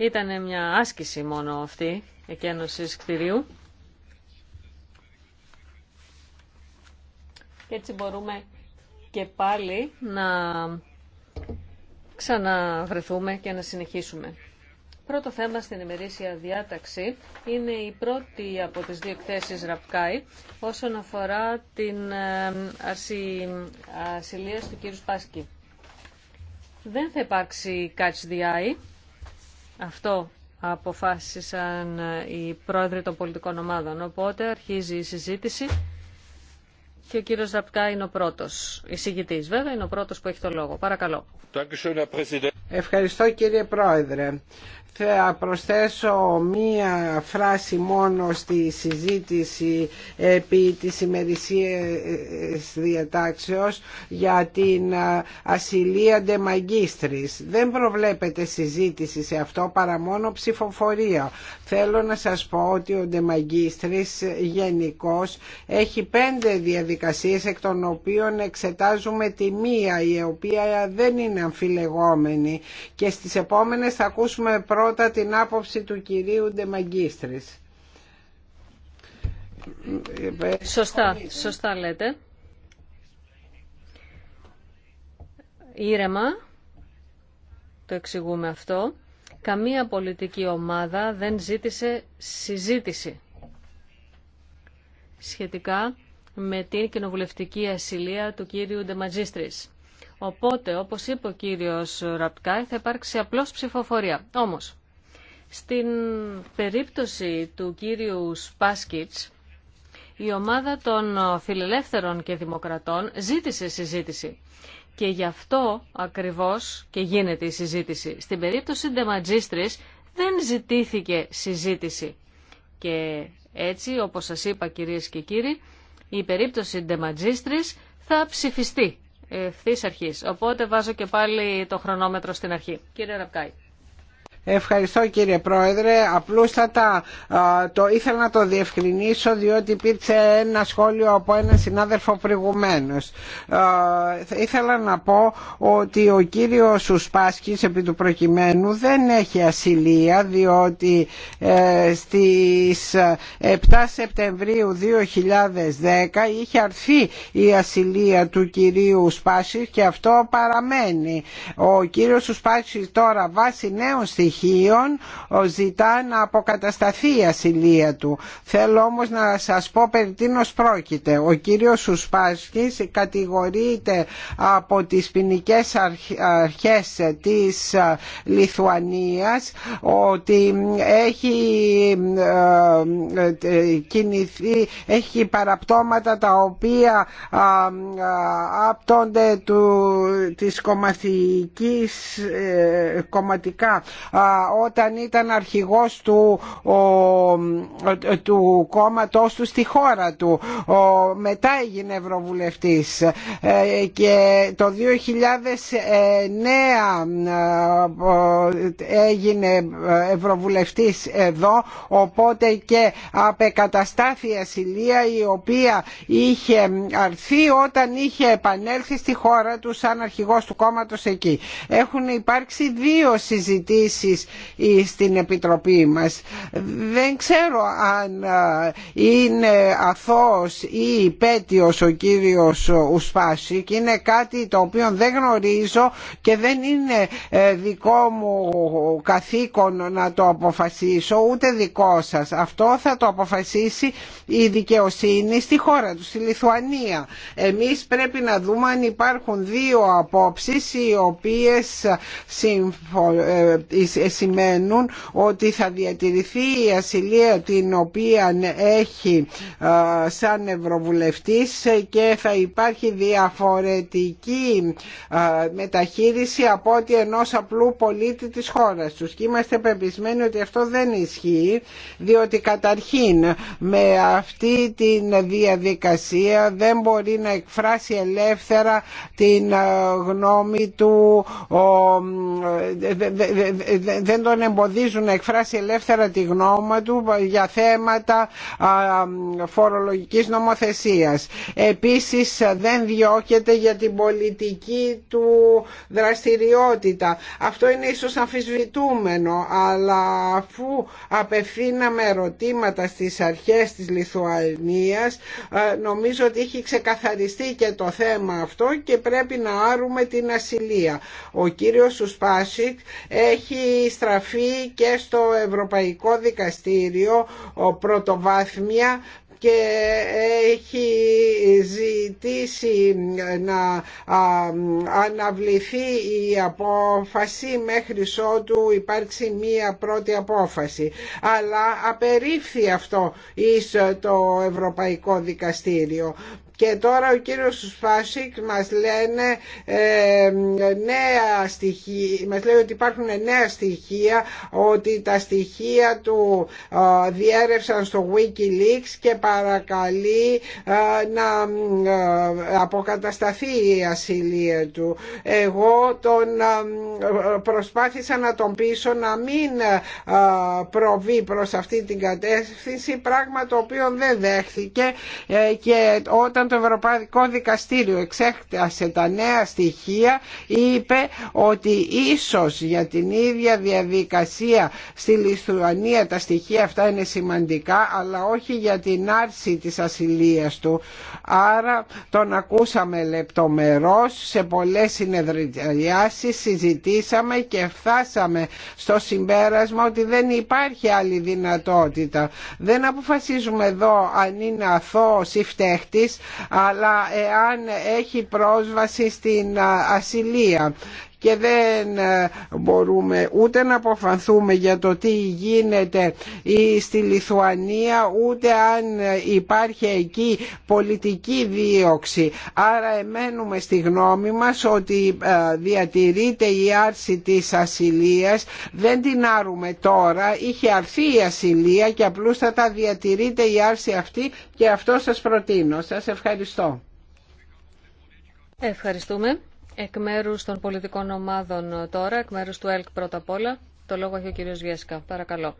Ήταν μια άσκηση μόνο αυτή, εκένωση κτηρίου. Και έτσι μπορούμε και πάλι να ξαναβρεθούμε και να συνεχίσουμε. Πρώτο θέμα στην ημερήσια διάταξη είναι η πρώτη από τις δύο εκθέσεις ΡΑΠΚΑΙ... όσον αφορά την ε, ασυλία του κ. Πάσκη. Δεν θα υπάρξει catch the eye, αυτό αποφάσισαν οι πρόεδροι των πολιτικών ομάδων. Οπότε αρχίζει η συζήτηση και ο κύριο Ζαπκά είναι ο πρώτος. Εισηγητή, βέβαια είναι ο πρώτος που έχει το λόγο. Παρακαλώ. Ευχαριστώ κύριε Πρόεδρε. Θα προσθέσω μία φράση μόνο στη συζήτηση επί της ημερησίας διατάξεως για την ασυλία ντεμαγκίστρης. Δεν προβλέπεται συζήτηση σε αυτό παρά μόνο ψηφοφορία. Θέλω να σας πω ότι ο ντεμαγκίστρης γενικώ έχει πέντε διαδικασίες εκ των οποίων εξετάζουμε τη μία η οποία δεν είναι αμφιλεγόμενη και στις επόμενες θα ακούσουμε πρώτα την άποψη του κυρίου Ντεμαγκίστρης. Σωστά, σωστά λέτε. Ήρεμα, το εξηγούμε αυτό, καμία πολιτική ομάδα δεν ζήτησε συζήτηση σχετικά με την κοινοβουλευτική ασυλία του κύριου Ντεμαζίστρης. Οπότε, όπως είπε ο κύριος Ραπτκάη, θα υπάρξει απλώς ψηφοφορία. Όμως, στην περίπτωση του κύριου Σπάσκιτς, η ομάδα των φιλελεύθερων και δημοκρατών ζήτησε συζήτηση. Και γι' αυτό ακριβώς και γίνεται η συζήτηση. Στην περίπτωση Ντεματζίστρης δεν ζητήθηκε συζήτηση. Και έτσι, όπως σας είπα κυρίες και κύριοι, η περίπτωση Ντεματζίστρης θα ψηφιστεί ευθύ αρχή. Οπότε βάζω και πάλι το χρονόμετρο στην αρχή. Κύριε Ραπκάη. Ευχαριστώ κύριε Πρόεδρε. Απλούστατα το ήθελα να το διευκρινίσω διότι υπήρξε ένα σχόλιο από έναν συνάδελφο προηγουμένω. Ήθελα να πω ότι ο κύριος Σουσπάσκης επί του προκειμένου δεν έχει ασυλία διότι ε, στις 7 ε, Σεπτεμβρίου 2010 είχε αρθεί η ασυλία του κυρίου Σουσπάσκη και αυτό παραμένει. Ο κύριος Σουσπάσκη τώρα βάσει νέων στοιχείων στοιχείων ζητά να αποκατασταθεί η ασυλία του. Θέλω όμως να σας πω περί τίνος πρόκειται. Ο κύριος Σουσπάσκης κατηγορείται από τις ποινικέ αρχές της ε, Λιθουανίας ότι έχει ε, ε, κινηθεί, έχει παραπτώματα τα οποία άπτονται του, της κομματικής, κομματικά όταν ήταν αρχηγός του, του κόμματός του στη χώρα του. Μετά έγινε Ευρωβουλευτής ε, και το 2009 ε, έγινε Ευρωβουλευτής εδώ οπότε και απεκαταστάθη η ασυλία η οποία είχε αρθεί όταν είχε επανέλθει στη χώρα του σαν αρχηγός του κόμματος εκεί. Έχουν υπάρξει δύο συζητήσεις ή στην Επιτροπή μας. Δεν ξέρω αν ε, είναι αθώος ή υπέτειος ο κύριος Ουσπάση και είναι κάτι το οποίο δεν γνωρίζω και δεν είναι ε, δικό μου καθήκον να το αποφασίσω ούτε δικό σας. Αυτό θα το αποφασίσει η δικαιοσύνη στη χώρα του, στη Λιθουανία. Εμείς πρέπει να δούμε αν υπάρχουν δύο απόψεις οι οποίες ε, ε, σημαίνουν ότι θα διατηρηθεί η ασυλία την οποία έχει ε, σαν Ευρωβουλευτής και θα υπάρχει διαφορετική ε, μεταχείριση από ότι ενός απλού πολίτη της χώρας τους. Και είμαστε πεπισμένοι ότι αυτό δεν ισχύει, διότι καταρχήν με αυτή την διαδικασία δεν μπορεί να εκφράσει ελεύθερα την γνώμη του δεν τον εμποδίζουν να εκφράσει ελεύθερα τη γνώμη του για θέματα φορολογικής νομοθεσίας. Επίσης δεν διώκεται για την πολιτική του δραστηριότητα. Αυτό είναι ίσως αμφισβητούμενο, αλλά αφού απευθύναμε ερωτήματα στις αρχές της Λιθουανίας, νομίζω ότι έχει ξεκαθαριστεί και το θέμα αυτό και πρέπει να άρουμε την ασυλία. Ο κύριος Σουσπάσικ έχει και στο Ευρωπαϊκό Δικαστήριο πρωτοβάθμια και έχει ζητήσει να αναβληθεί η απόφαση μέχρι ότου υπάρξει μία πρώτη απόφαση. Αλλά απερίφθη αυτό εις το Ευρωπαϊκό Δικαστήριο και τώρα ο κύριος Φάσικ μας λένε ε, νέα στοιχεία, μας λέει ότι υπάρχουν νέα στοιχεία, ότι τα στοιχεία του ε, διέρευσαν στο Wikileaks και παρακαλεί ε, να ε, αποκατασταθεί η ασυλία του. Εγώ τον προσπάθησα να τον πείσω να μην προβεί προς αυτή την κατεύθυνση, πράγμα το οποίο δεν δέχθηκε και όταν το Ευρωπαϊκό Δικαστήριο εξέχτασε τα νέα στοιχεία είπε ότι ίσως για την ίδια διαδικασία στη Λιθουανία τα στοιχεία αυτά είναι σημαντικά αλλά όχι για την άρση της ασυλίας του. Άρα τον ακούσαμε λεπτομερώς σε πολλές συνεδριάσεις, συζητήσαμε και φτάσαμε στο συμπέρασμα ότι δεν υπάρχει άλλη δυνατότητα. Δεν αποφασίζουμε εδώ αν είναι αθώος ή φταίχτης αλλά εάν έχει πρόσβαση στην ασυλία και δεν ε, μπορούμε ούτε να αποφανθούμε για το τι γίνεται ε, στη Λιθουανία ούτε αν ε, υπάρχει εκεί πολιτική δίωξη. Άρα εμένουμε στη γνώμη μας ότι διατηρείται η άρση της ασυλίας, δεν την άρουμε τώρα, είχε αρθεί η ασυλία και απλούστατα διατηρείται η άρση αυτή και αυτό σας προτείνω. Σας ευχαριστώ. Ευχαριστούμε. Εκ μέρου των πολιτικών ομάδων τώρα, εκ μέρου του ΕΛΚ πρώτα απ' όλα, το λόγο έχει ο κύριος Βιέσκα. Παρακαλώ.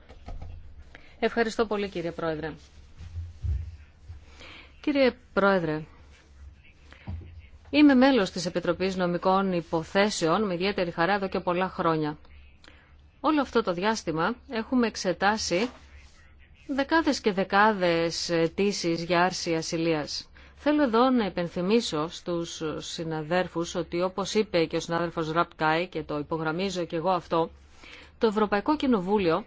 Ευχαριστώ πολύ κύριε Πρόεδρε. Κύριε Πρόεδρε, είμαι μέλο της Επιτροπή Νομικών Υποθέσεων με ιδιαίτερη χαρά εδώ και πολλά χρόνια. Όλο αυτό το διάστημα έχουμε εξετάσει δεκάδες και δεκάδες αιτήσει για άρση ασυλίας. Θέλω εδώ να υπενθυμίσω στους συναδέρφους ότι όπως είπε και ο συνάδελφος Ραπτκάη και το υπογραμμίζω και εγώ αυτό, το Ευρωπαϊκό Κοινοβούλιο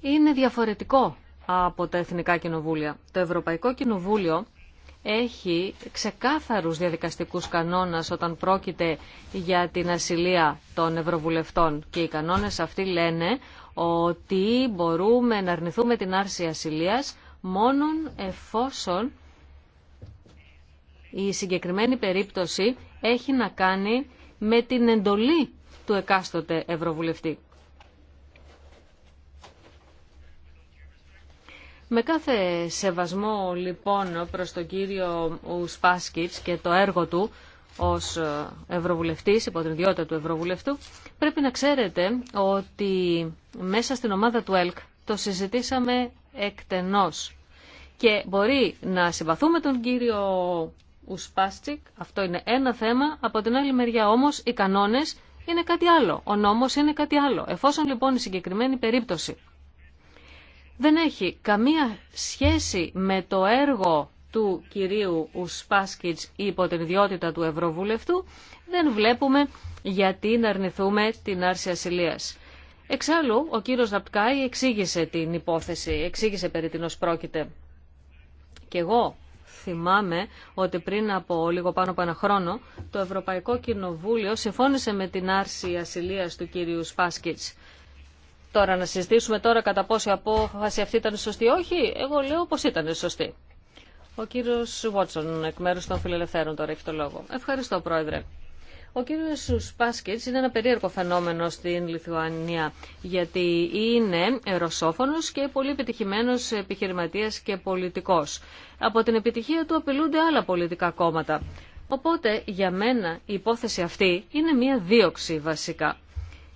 είναι διαφορετικό από τα Εθνικά Κοινοβούλια. Το Ευρωπαϊκό Κοινοβούλιο έχει ξεκάθαρους διαδικαστικούς κανόνες όταν πρόκειται για την ασυλία των Ευρωβουλευτών και οι κανόνες αυτοί λένε ότι μπορούμε να αρνηθούμε την άρση ασυλίας μόνον εφόσον η συγκεκριμένη περίπτωση έχει να κάνει με την εντολή του εκάστοτε Ευρωβουλευτή. Με κάθε σεβασμό λοιπόν προς τον κύριο Ουσπάσκιτς και το έργο του ως ε, Ευρωβουλευτής, υπό την ιδιότητα του Ευρωβουλευτού, πρέπει να ξέρετε ότι μέσα στην ομάδα του ΕΛΚ το συζητήσαμε εκτενώς και μπορεί να συμπαθούμε τον κύριο Ουσπάστικ. αυτό είναι ένα θέμα, από την άλλη μεριά όμως οι κανόνες είναι κάτι άλλο, ο νόμος είναι κάτι άλλο. Εφόσον λοιπόν η συγκεκριμένη περίπτωση δεν έχει καμία σχέση με το έργο του κυρίου Ουσπάσκιτς υπό την ιδιότητα του Ευρωβουλευτού, δεν βλέπουμε γιατί να αρνηθούμε την άρση ασυλίας. Εξάλλου, ο κύριος Ραπτκάη εξήγησε την υπόθεση, εξήγησε περί την πρόκειται. Και εγώ θυμάμαι ότι πριν από λίγο πάνω από ένα χρόνο το Ευρωπαϊκό Κοινοβούλιο συμφώνησε με την άρση ασυλίας του κύριου Σπάσκιτς. Τώρα να συζητήσουμε τώρα κατά πόσο απόφαση αυτή ήταν σωστή όχι, εγώ λέω πως ήταν σωστή. Ο κύριος Βότσον, εκ μέρους των φιλελευθέρων τώρα έχει το λόγο. Ευχαριστώ πρόεδρε. Ο κύριος Σπάσκετς είναι ένα περίεργο φαινόμενο στην Λιθουανία, γιατί είναι ρωσόφωνο και πολύ επιτυχημένος επιχειρηματίας και πολιτικός. Από την επιτυχία του απειλούνται άλλα πολιτικά κόμματα. Οπότε για μένα η υπόθεση αυτή είναι μια δίωξη βασικά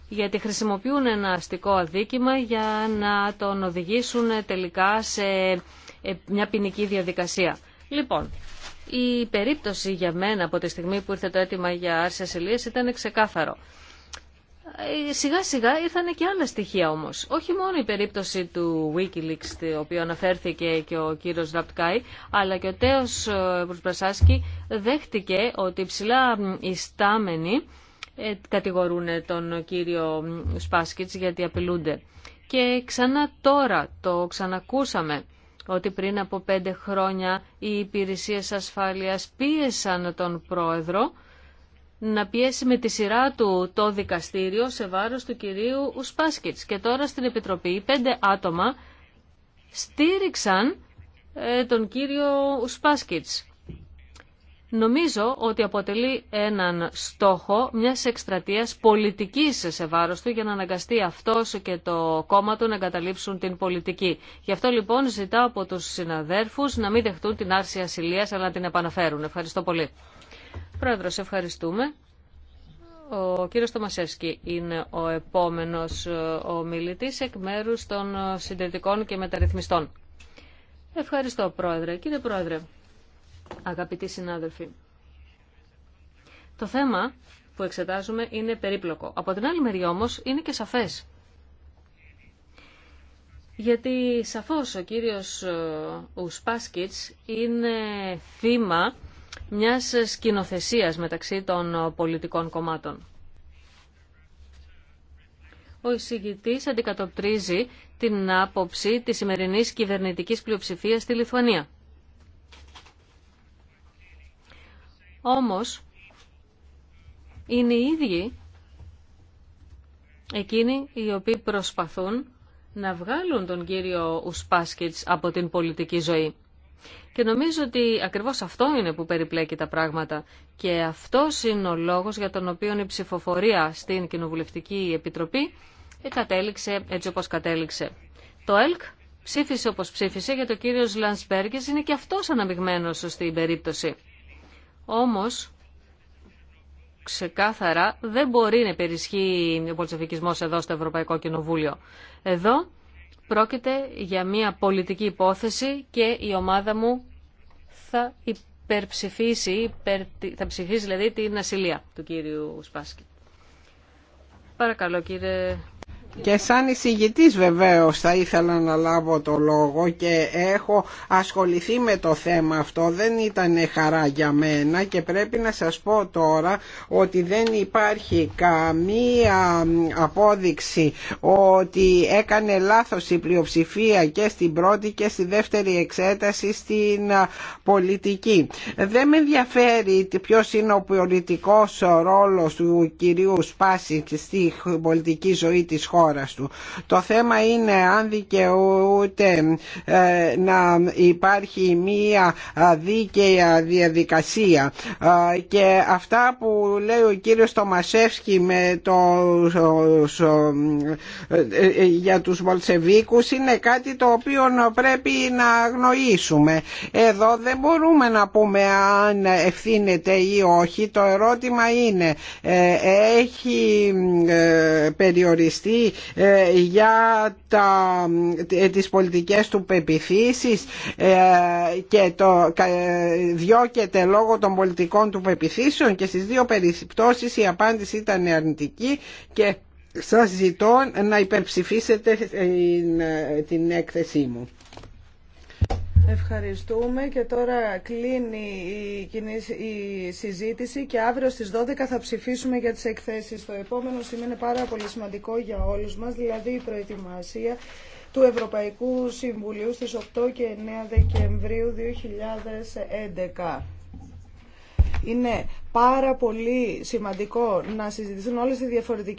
γιατί χρησιμοποιούν ένα αστικό αδίκημα για να τον οδηγήσουν τελικά σε μια ποινική διαδικασία. Λοιπόν, η περίπτωση για μένα από τη στιγμή που ήρθε το αίτημα για άρση ασυλίας ήταν ξεκάθαρο. Ε, σιγά σιγά ήρθαν και άλλα στοιχεία όμως. Όχι μόνο η περίπτωση του Wikileaks, το οποίο αναφέρθηκε και ο κύριος Ραπτκάη, αλλά και ο τέος ε, Προσπρασάσκη δέχτηκε ότι ψηλά ιστάμενοι ε, κατηγορούν τον κύριο Σπάσκιτς γιατί απειλούνται. Και ξανά τώρα το ξανακούσαμε ότι πριν από πέντε χρόνια οι υπηρεσίες ασφάλειας πίεσαν τον πρόεδρο να πιέσει με τη σειρά του το δικαστήριο σε βάρος του κυρίου Ουσπάσκιτς. Και τώρα στην Επιτροπή πέντε άτομα στήριξαν ε, τον κύριο Ουσπάσκιτς νομίζω ότι αποτελεί έναν στόχο μιας εκστρατεία πολιτικής σε βάρο του για να αναγκαστεί αυτός και το κόμμα του να εγκαταλείψουν την πολιτική. Γι' αυτό λοιπόν ζητάω από του συναδέρφους να μην δεχτούν την άρση ασυλίας αλλά να την επαναφέρουν. Ευχαριστώ πολύ. Πρόεδρο ευχαριστούμε. Ο κύριος Τομασέσκη είναι ο επόμενος ε, ομιλητή εκ μέρου των ε, συντηρητικών και μεταρρυθμιστών. Ευχαριστώ, Πρόεδρε. Κύριε Πρόεδρε, αγαπητοί συνάδελφοι. Το θέμα που εξετάζουμε είναι περίπλοκο. Από την άλλη μεριά όμως είναι και σαφές. Γιατί σαφώς ο κύριος ε, Ουσπάσκιτς είναι θύμα μιας σκηνοθεσίας μεταξύ των ε, πολιτικών κομμάτων. Ο εισηγητής αντικατοπτρίζει την άποψη της σημερινής κυβερνητικής πλειοψηφίας στη Λιθουανία. Όμως, είναι οι ίδιοι εκείνοι οι οποίοι προσπαθούν να βγάλουν τον κύριο Ουσπάσκιτς από την πολιτική ζωή. Και νομίζω ότι ακριβώς αυτό είναι που περιπλέκει τα πράγματα και αυτό είναι ο λόγος για τον οποίο η ψηφοφορία στην Κοινοβουλευτική Επιτροπή κατέληξε έτσι όπως κατέληξε. Το ΕΛΚ ψήφισε όπως ψήφισε για το κύριο Λανσπέργκης είναι και αυτός αναμειγμένος στην περίπτωση. Όμως, ξεκάθαρα, δεν μπορεί να υπερισχύει ο πολιτσοφικισμός εδώ στο Ευρωπαϊκό Κοινοβούλιο. Εδώ πρόκειται για μια πολιτική υπόθεση και η ομάδα μου θα υπερψηφίσει, υπερ, θα ψηφίσει δηλαδή την ασυλία του κύριου Σπάσκη. Παρακαλώ κύριε και σαν εισηγητής βεβαίως θα ήθελα να λάβω το λόγο και έχω ασχοληθεί με το θέμα αυτό. Δεν ήταν χαρά για μένα και πρέπει να σας πω τώρα ότι δεν υπάρχει καμία απόδειξη ότι έκανε λάθος η πλειοψηφία και στην πρώτη και στη δεύτερη εξέταση στην πολιτική. Δεν με ενδιαφέρει ποιος είναι ο πολιτικός ρόλος του κυρίου Σπάση στη πολιτική ζωή της χώρας του. Το θέμα είναι αν δικαιούται ε, να υπάρχει μία δίκαια διαδικασία ε, και αυτά που λέει ο κύριος Τομασεύσκη με το, ε, για τους Μολσεβίκους είναι κάτι το οποίο πρέπει να αγνοήσουμε. Εδώ δεν μπορούμε να πούμε αν ευθύνεται ή όχι. Το ερώτημα είναι έχει περιοριστεί ε, για τα, ε, τις πολιτικές του πεπιθήσεις ε, και το διώκεται λόγω των πολιτικών του πεπιθήσεων και στις δύο περιπτώσεις η απάντηση ήταν αρνητική και σας ζητώ να υπερψηφίσετε την έκθεσή μου. Ευχαριστούμε και τώρα κλείνει η συζήτηση και αύριο στις 12 θα ψηφίσουμε για τις εκθέσεις. Το επόμενο σημείο είναι πάρα πολύ σημαντικό για όλους μας, δηλαδή η προετοιμασία του Ευρωπαϊκού Συμβουλίου στις 8 και 9 Δεκεμβρίου 2011. Είναι πάρα πολύ σημαντικό να συζητηθούν όλες οι διαφορετικές